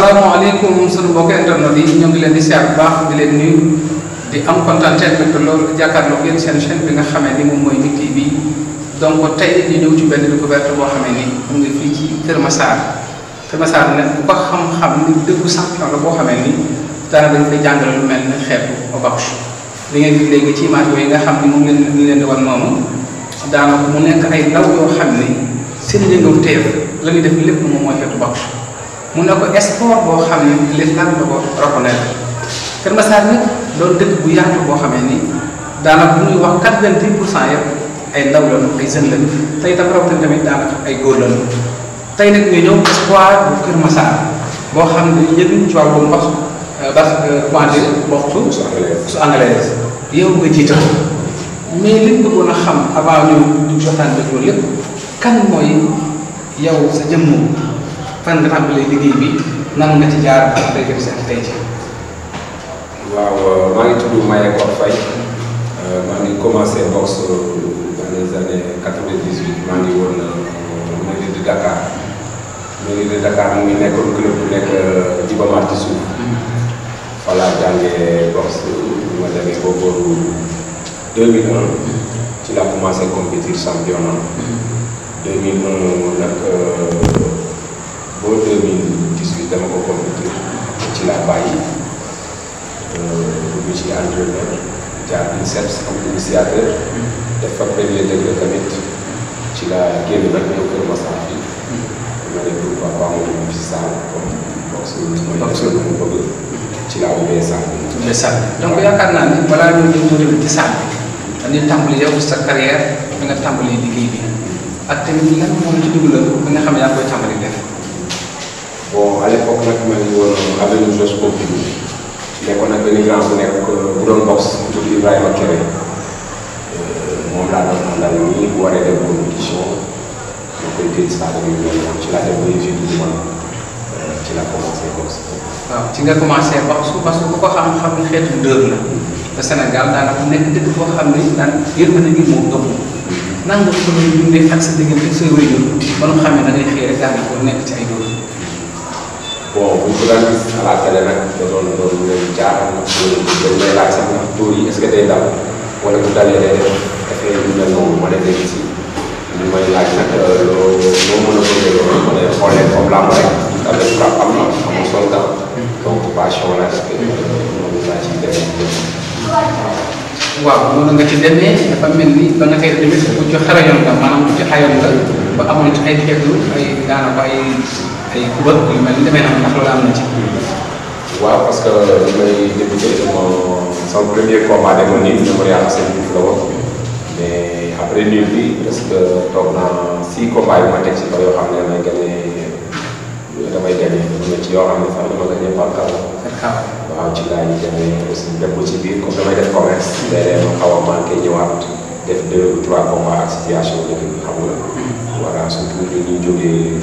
asalaamaaleykum sunu mbokki internet yi ñu ngi leen di seet bu baax di leen nuyu di am kontaan teel mbégte loolu jàkkaarloo ngeen seen chaîne bi nga xamee ni moom mooy Nick TV donc tey ñu ñëw ci benn découverte boo xamee ni mu ngi fii ci Kër Massar Kër bu ko xam-xam ni dëkku champion la boo xamee ni daanaka dañ koy jàngale lu mel ni xeetu obax li ngeen gis léegi ci image yi nga xam ni moom leen ñu leen di wan noonu daanaka mu nekk ay ndaw yoo xam ni seen yëngu teef la ñuy def lépp moom mooy xeetu obax. mu ne ko sport boo xam ne l'islam la ko reconnaître Kër Massar nag loolu dëkk bu yaatu boo xamee ni daanaka bu ñuy wax quatre vingt pour cent yëpp ay ndaw lañu ay jeunes lañu tey tam rawatina tamit tey nag ñu ñëw espoir bu Kër Massar boo xam ne yéen ci wàllu mbas euh, bas comment euh, dire waxtu su anglais yow nga jiite mais a xam avant ñu ñu loolu lépp kan mooy yow sa jëmm fan nga tàmbalee liggéey bi nan nga ci jaar ba tey jëm sax tey ci. waaw maa ngi tudd Mayakor Faye euh, maa ngi commencé boxe dans les années quatre-vingt-dix-huit maa ngi woon mu ngi di Dakar mu ngi di Dakar mu ngi nekkoon club bu nekk euh, Djiba Mar ci suuf. voilà jàngee boxe ma demee ba booru 2001 ci la commencé compétir championnat 2001 mm-hmm. nag. Euh, ba 2018 dama ko complété ci laa bàyyi dugg ci entraîneur jaar INSEPS am initiateur def fa premier degré tamit ci laa génn nag ñëw kër fi ma ne pourquoi pas mu dugg ci saal comme boxe mooy boxe mu bëgg ci laa ubbee saal ubbee saal donc yaakaar naa ni balaa ñu ñu tuuti ci saal dañuy tàmbali yow sa carrière nga tàmbali bi ak tamit lan ci nga xam koy def bon à l'époque nag ma ngi woon avenue Jos Pompidou nekkoon nag benn grand bu nekk bu doon box bu tudd Ibrahima Kéré euh, moom laa doon àndal nii bu waree dem compétition ma koy dégg saa dem yu mel noonu ci laa dem ba fii di man euh, ci la commencé box. waaw ci nga commencé box parce que ku ko xam-xam ni xeetu dër la te Sénégal daanaka nekk dëkk boo xam ne daan yërmande gi moo ëpp. nan nga ko doon dundee ak sa diggante ak sa wéyoo ba nga xam ne da ngay xëy rek daanaka nekk ci ay dóor. bon bu ñu ko daan gis à la télé nag da doon doon leen jaaxal ndax dañ lay laaj sax ndax tóor yi est-ce que day dal wala bu dalee day def effet yu mel noonu wala day gis ñu may laaj nag loo euh, loo mën a bëggee loolu ma lay xoolee comme làmb rek ndax dañ ko am na amul sol daal donc passion la est-ce que noonu laa ciy demee waaw noonu nga ci demee dafa mel ni ba nga koy tamit bu ci xarañoon nga maanaam bu ci xayoon nga ba amoon ci ay xeetu ay daanaka ay ay kubak yu mel ni demee noonu ndax loolu am na ci waaw parce que premier combat demoon nii dama yàlla seen buuf la woon mais après nul bi parce que toog naa six combats yu ma teg ci ba yoo xam ne damay gagné damay gagné ñu ci yoo xam ne sax dama gagné par kàlla waaw ci laa ñu demee aussi dem ko gitu.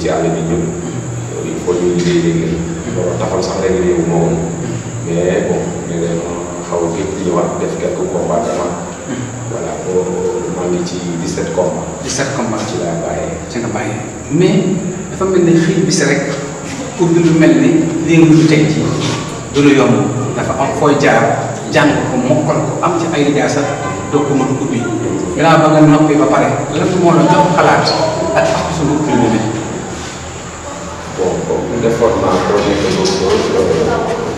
hmm. ci boo ñu liggéey léegi loolu taxoon sax ren léegi moo woon mais bon nee nañ xaw a gëj ñëwaat def quelques combats vraiment. voilà boo maa ngi ci 17 combats. 17 combats ci laa bàyyee. ci nga bàyyee mais dafa mel rek pour bi lu mel ni léegi lu teg ci du lu yomb dafa am fooy jaar jàng ko mokkal ko am ci ay lijaasa doog ko mën a ubbi. gannaaw ba nga noppi ba pare lan moo la jox xalaat performance boo nekkee boobu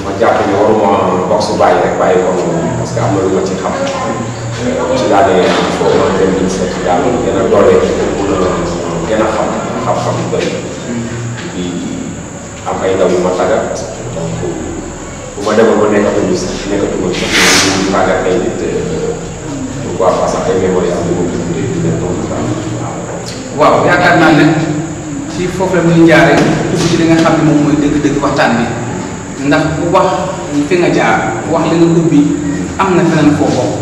ma jàpp ne waruma box bàyyi rek bàyyi ko parce que am na lu ma ci xam euh, ci laa dee foofu ma dem di seet yàlla gën a doole mun a gën a xam xam-xam yu bëri di am ay ndaw yu ma tàggat donc bu ma demee ba nekkatuñu sax nekkatuma ci ñu tàggat ay nit euh, pourquoi pas sax ay mémoire am na moom waaw yaakaar naa ne ci foofu la muy njaaree dugg ci li nga xam ne moom mooy dëgg-dëgg waxtaan bi ndax bu wax fi nga jaar wax li nga bi am na feneen foo bokk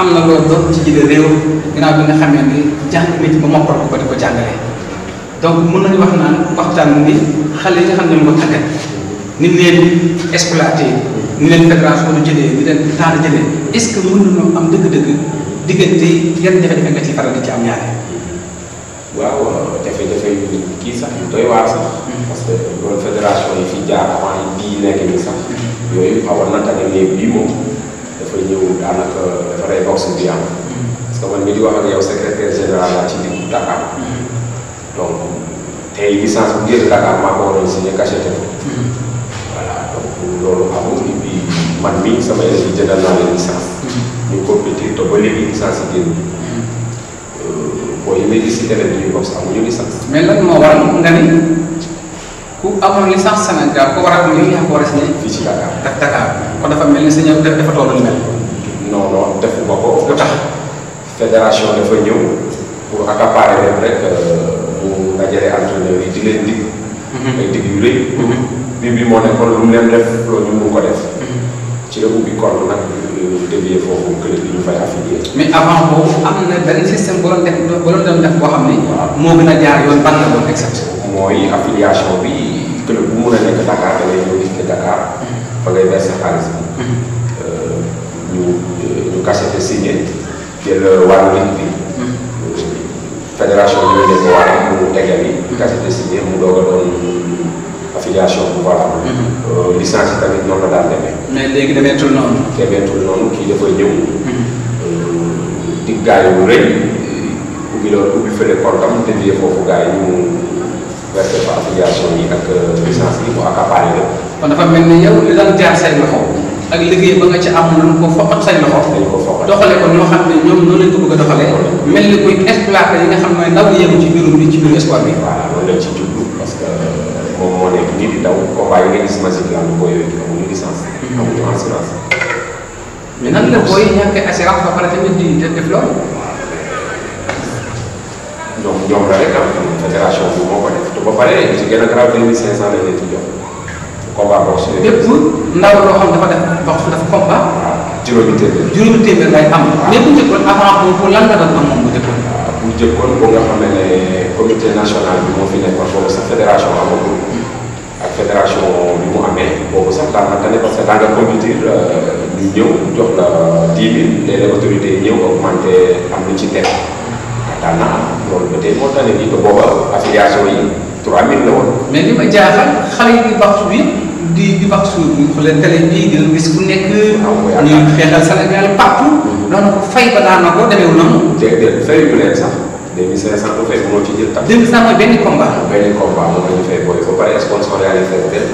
am na loolu doon ci jële réew ginnaaw bi nga xamee ni jàng nit ko ba di ko donc mën nañu wax naan waxtaan bi xale yi nga xam ne ñoo ko tàggat ni leen exploité ni leen fédération du jëlee ni leen taal jëlee est-ce que am dëgg-dëgg diggante yan jafe-jafe nga ci faral di ci am ñaare. waaw jafe-jafe yu kii sax yu doy waar sax. parce que loolu fédération yi fi jaar avant yi bii nekk nii sax. yooyu xawoon na tane mais bii moom dafa ñëw daanaka dafa rey box bi am. parce que man mii di wax ak yow secrétaire général laa ci diggu Dakar. donc tey licence bu génn Dakar maa ko waroon signé cacheté ko. voilà donc loolu amul et puis man mii sama yëngu jëndal naa leen licence. ñu compétir te ba léegi licence yi génn. boo yi may gis si keneen ñuy bokk sax amuñu licence. mais lan moo waral nga ni ku amoon licence Sénégal ko war a am yow yaa ko war a signé fii ci Dakar ak Dakar kon dafa mel ni sa ñëw dafa toll lu mel. non non defu ba ko lu tax fédération dafa ñëw pour accaparer leen rek mu euh, dajale entraîneur yi di mhm. ay dig yu rëy. Mhm. bi bi moo nekkoon lu mu leen def loolu ñu mun ko def. Mhm. ci la ubbi kon nag déggee foofu kële bi ñu fay affilié. mais avant boobu am na benn système bu doon def bu doon def boo xam ne. moo gën a jaar yoon ban la doon exact. mooy affiliation bi kële bu mun a nekk Dakar da ngay ñëw gis ne Dakar. Mhm. fa ngay verser xaalis bi. Mhm. Euh, ñu euh, ñu kase te signé jël wàllu nit bi. Mhm. Euh, fédération bi ñu nekk wàllu mu tegal yi. kase te signé mu doog a doon. affiliation bu valable. Mhm. Euh, licence yi tamit noonu la daan demee. mais léegi demeetul noonu. demeetul noonu kii dafay ñëw. Mhm. Euh, dig gaa yi mu rëy ubbi loolu ubbi fële kontam te bii foofu gaa yi ñu versé fa affiliation yi ak euh, licence yi ak accaparé lépp. kon dafa mel ni yow li daan jaar say loxo. ak liggéey ba nga ci am lu ko foqat say loxo. dañ ko foqat doxalee ko ñoo xam ne ñoom noonu lañ ko bëgg a doxalee. mel ni kuy exploité yi nga xam ne ndaw yéegu ci biirum bi daw combat yi nga gis Magic Land booy yooyu amuñu licence. amuñu assurance. mais nan la booy ñàkk assurance ba pare tamit di def loolu. ñoom ñoom la rek am fédération bi moo ko def te ba pare ci gën a grave 2500 la leen ci jox combat box su bépp ndaw loo xam dafa def box su def combat. Ah, juróomi téeméer juróomi téeméer ngay am. mais bu njëkkoon avant boobu lan la doon moom bu njëkkoon. Ah, bu njëkkoon ba nga xam ne comité national bi moo fi nekkoon foofu sa fédération fédération bi mu amee boobu sax daanaka ne parce que daa nga compétir euh, ñu ñëw jox la dix mille les autorités ñëw augmenté am lu ci teg daan loolu ba tey moo tax ne nii te booba affiliation yi trois mille la woon. mais li ma jaaxal xale yi di baax bi di di baax suuf bi xoolee télé bii nga gis ku nekk. waaw ah ñuy xeexal Sénégal partout. daanaka mm-hmm. fay ba daanaka demeewul noonu. déedéet fayu leen sax. 2500 bu fekk moo ci jël tax. 2500 mooy benn combat. benn combat moom la ñu fay booy ba pare sponsor yaa ngi fay dem.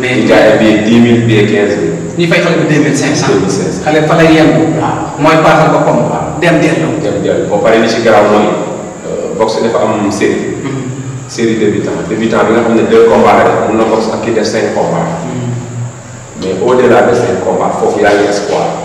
mais ñu jaayee billet 10 e billet 15 000. ñu fay xale bi 2500. 2500 xale fa lay yem. waaw ah. mooy paasal ba koom. waaw ah. dem dellu. dem dellu ba pare li ci garaaw mooy euh, boxe dafa am série. Mm-hmm. série débutant débutant bi nga xam ne deux combats la def mun na boxe ak ki def cinq combats. Mm-hmm. mais au delà de cinq combats foofu yaa ngi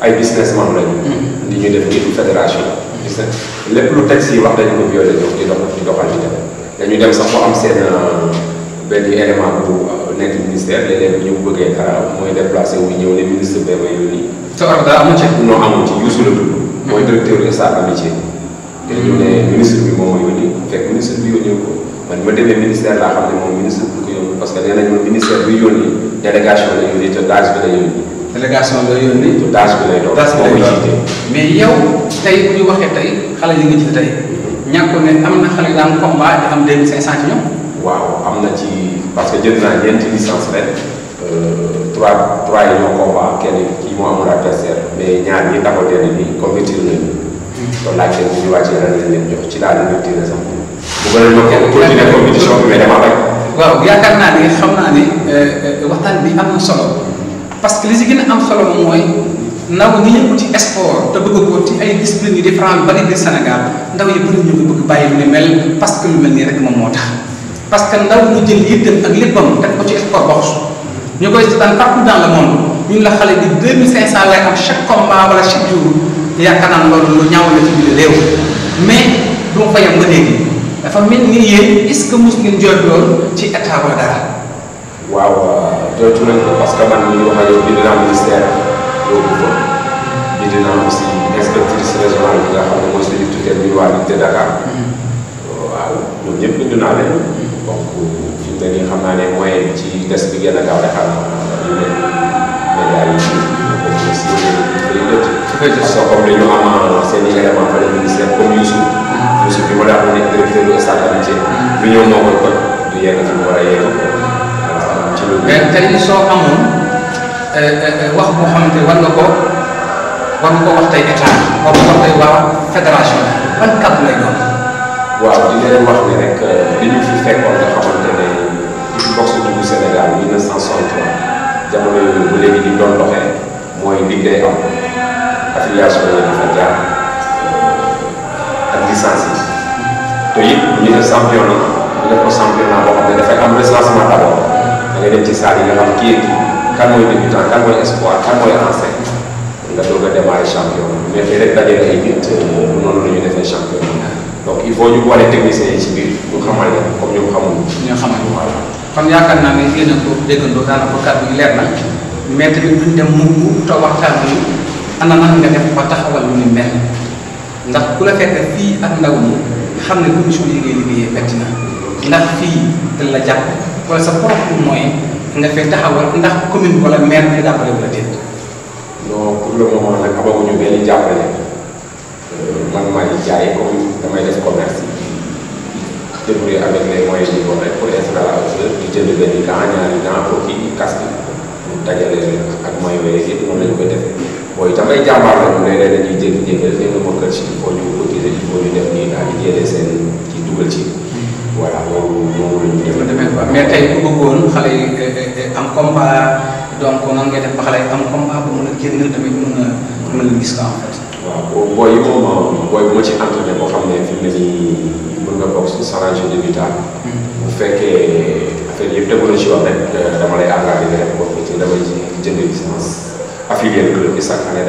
ay businessman lañu. li hmm. ñuy def nitu fédération. business lépp lu teg si wax dañu ko violé ñoom di dox di doxal di dem dañu dem sax mu am seen euh, benn élément bu euh, nekk ministère léeg ñu bëggee dara mooy déplacé wu ñëw ne ministre bee ba ci. non amu ci Youssou la directeur de sa amitié. te hmm. ñu ne ministre bi moom moo yónni fekk ministre bi yónni ko man ma demee ministère laa xam ne moom ministre bi ko yónni parce que nee nañ ma ministère bi yónni délégation la bi la yónni. délégation la yónni. tas bi lay doon tas bi lay doon mais yow tey bu ñu waxee tey xale yi nga jiite tey ñàkkul ne am na xale daan combat di am 2500 ci ñoom. waaw am na ci parce que jël naa ñeenti licence ren. Euh, trois trois yi ñoo kenn kii moo amul adversaire mais ñaar ñi taxaw hmm. leen ni nañu. kon laajte bu ñu wàccee compétition bi mais dama rek. waaw yaakaar naa ni xam naa ni euh, euh, waxtaan bi am na solo. parce que li si gën a am solo mooy ndaw ñi yëngu ci sport te bëgg ko ci ay discipline yu différentes ba biir Sénégal ndaw yi bëri ñu ko bëgg bàyyi lu mel parce que lu mel nii rek moom moo tax. parce que ndaw ñu jël yitteem ak léppam teg ko ci sport boxe ñu koy seetaan partout dans le monde ñu la xale bi 2500 lay am chaque combat wala chaque jour yaakaar naa loolu lu ñaaw la ci biir mais du ma fa yem ba léegi dafa mel ni yéen est-ce ci état joytu nañ ko parce que man mii wax ak yow bind naa ministère yóbbu ko bind naa aussi inspectrice régionale bi nga xam ne mooy suñu tutelle bi waa Ville Dakar waaw ñoom ñëpp bind naa mu ne nii xam naa ne moyen bi ci des bi gën a gaaw rek xam naa ñu ne média yi aussi day lëtt soo comme dañu am ah seen i élément fële ministère ko mm-hmm. nekk directeur mm-hmm. du stade amitié lu ñëw moo koy kon du yegg mais tey soo amoon euh, euh, euh, wax boo xam ne war nga ko war nga ko wax tey état war nga ko wax tey waa fédération ban kàddu lay doon. waaw di leen wax ni rek li ñu fi fekkoon nga xamante ne kickbox du Sénégal 1963 jamono yooyu ba léegi di doon doxee mooy ligue day am affiliation yi dafa jaar ak licence yi te it ñu def championnat ñu def ko championnat boo xam ne dafay am recensement. leen ci saal yi nga xam kii kan mooy débutant kan mooy espoir kan mooy ancien nga doog a démarrer champion mais fii rek dajale ay nit euh, noonu la ñu defee champion donc ñu boole technicien yi ci biir ñu xamal leen comme ñu xamul. ñu xamal waaw kon a ko déggandoo leer na mais tamit duñ dem mukk te waxtaan bi ana nan nga def ba taxawal lu ni mel ndax ku la fekk fii ak ndaw ñi xam ne commission yi ngay liggéeyee métti na ndax fii dina la jàpp. wala sa propre moyen nga fay taxawal ndax commune wala maire bi jàppale wala déet. non pour le moment nag amaguñu benn jàppale euh, man maa ngi jaay comme damay def commerce yi. débrouiller avec les moyens du bord rek pour installer la hauteur di jënd benn gant ñaari gant pour kii casque bi pour dajale ak moyens yooyu yëpp moom la ñu koy defee. booy itam ay jàmbaar la ñu léeg-léeg dañuy jékki-jékki rek ne ma kër ci il faut ñu cotiser il faut ñu def nii daal di jëlee seen ci dugal ci. di ko defee quoi mais tey ku bëggoon xale yi eh, eh, eh, am donc nan ngay def ba xale yi ba mën a génn tamit mën a mën leen gis ko en fait. waaw booy yi moom ah, booy ci entraîné boo xam ne fi mu ne nii mën nga bokk si challenge débutant. Hmm. bu ci wax bi chaque année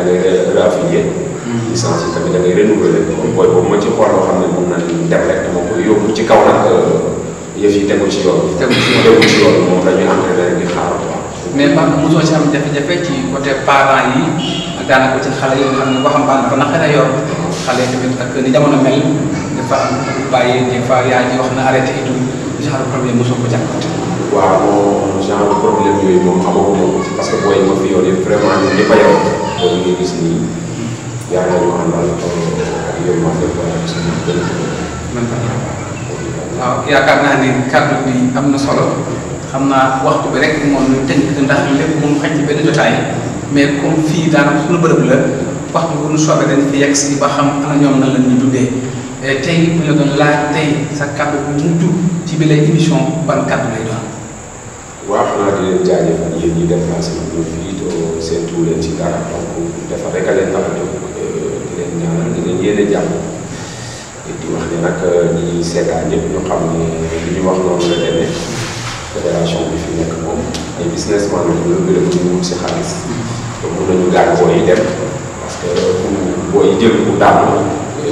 da ngay hmm. booy boobu ma ci xool xam ne mën na dem rek dama koy yóbbu ci kaw nag. Euh, yëf yi tegu ci yoon. tegu ci yoon tegu ci yoon moom dañuy entraîné rek di xaar man mosoo ci ci côté parents yi ak daanaka ci xale yi nga xam ne waxambaan ko naka la yor xale tamit ngi wax na arrêté et tout genre problème mosoo ko jànkuwante. waaw moom genre problème yooyu moom amaguma ko parce booy ma fi yor yëpp vraiment ñun ñëpp a yor boobu nga gis nii yaa ngi ñu àndal yooyu ma def ko ak sama man waaw yaakaar naa ne kàddu bi am na solo xam naa waxtu bi rek moom ñu tënk ndax lépp moom xaj ci benn jotaay mais comme fii daanaka suñu bërëb la waxtu bu ñu soobee dañ si ba xam ana ñoom nan la ñuy dundee tey bu ñu doon laaj ci bile lay émission ban kàddu lay doon. waaw xanaa di leen jaajëfal yéen ñi def naa sama ñoom fii te seen ci dara donc dafa rek a euh, leen tax a jóg di ñaanal di leen yéene jàmm. ni nag euh, ñi ñuy seetaan ñëpp ñu xam ne li ñu wax noonu la demee fédération bi fi nekk moom ay businessman la ñu gërëm ñu mun si xaalis te mun nañu gaañ booy yi dem parce que bu booy yi jël bu daanu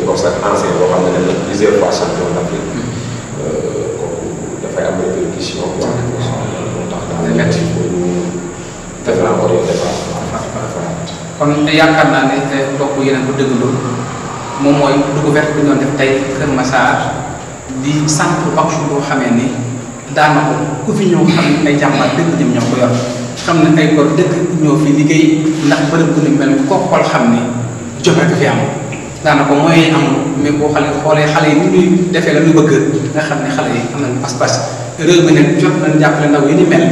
comme ça ancien boo xam ne dem na plusieurs fois champion d'Afrique mm-hmm. euh, kooku dafay am répercussion quoi moo tax daal métti ko ñu def naa ko yow defar kon yaakaar naa ne euh, mbokk yi ko dëgg loolu moom mooy découverte bi ñoon def tey Kër Massar di sant wax boo xamee ni daanaka ku fi ñëw xam ne ay jàmbaar dëgg ñoom ñoo ko yor xam ne ay góor dëgg ñoo fi ndax bërëb bu ni mel ko xool xam ne joxe ko fi am daanaka mooy am mais boo xale xoolee xale yi ni ñuy defee la ñu bëgg nga xam ne xale yi am nañu pas-pas réew mi nag jot nañ jàppale ndaw yi ni mel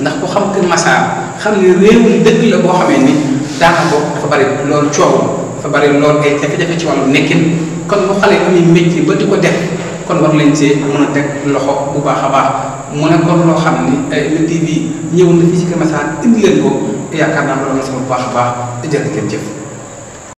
ndax ku xam Kër Massar xam ne réew mi dëgg la boo xamee ni daanaka dafa bari loolu coow dafa bari lool ay jafe-jafe ci wàllu nekkin kon bu xale amee métier ba di ko def kon am lañ see mën a teg loxo bu baax a baax mu ne kon loo xam ni eh, Le TV ñëw na fii ci Kër Massar indi leen ko yaakaar naa loolu am na solo bu baax a baax jërë ngeen jëf.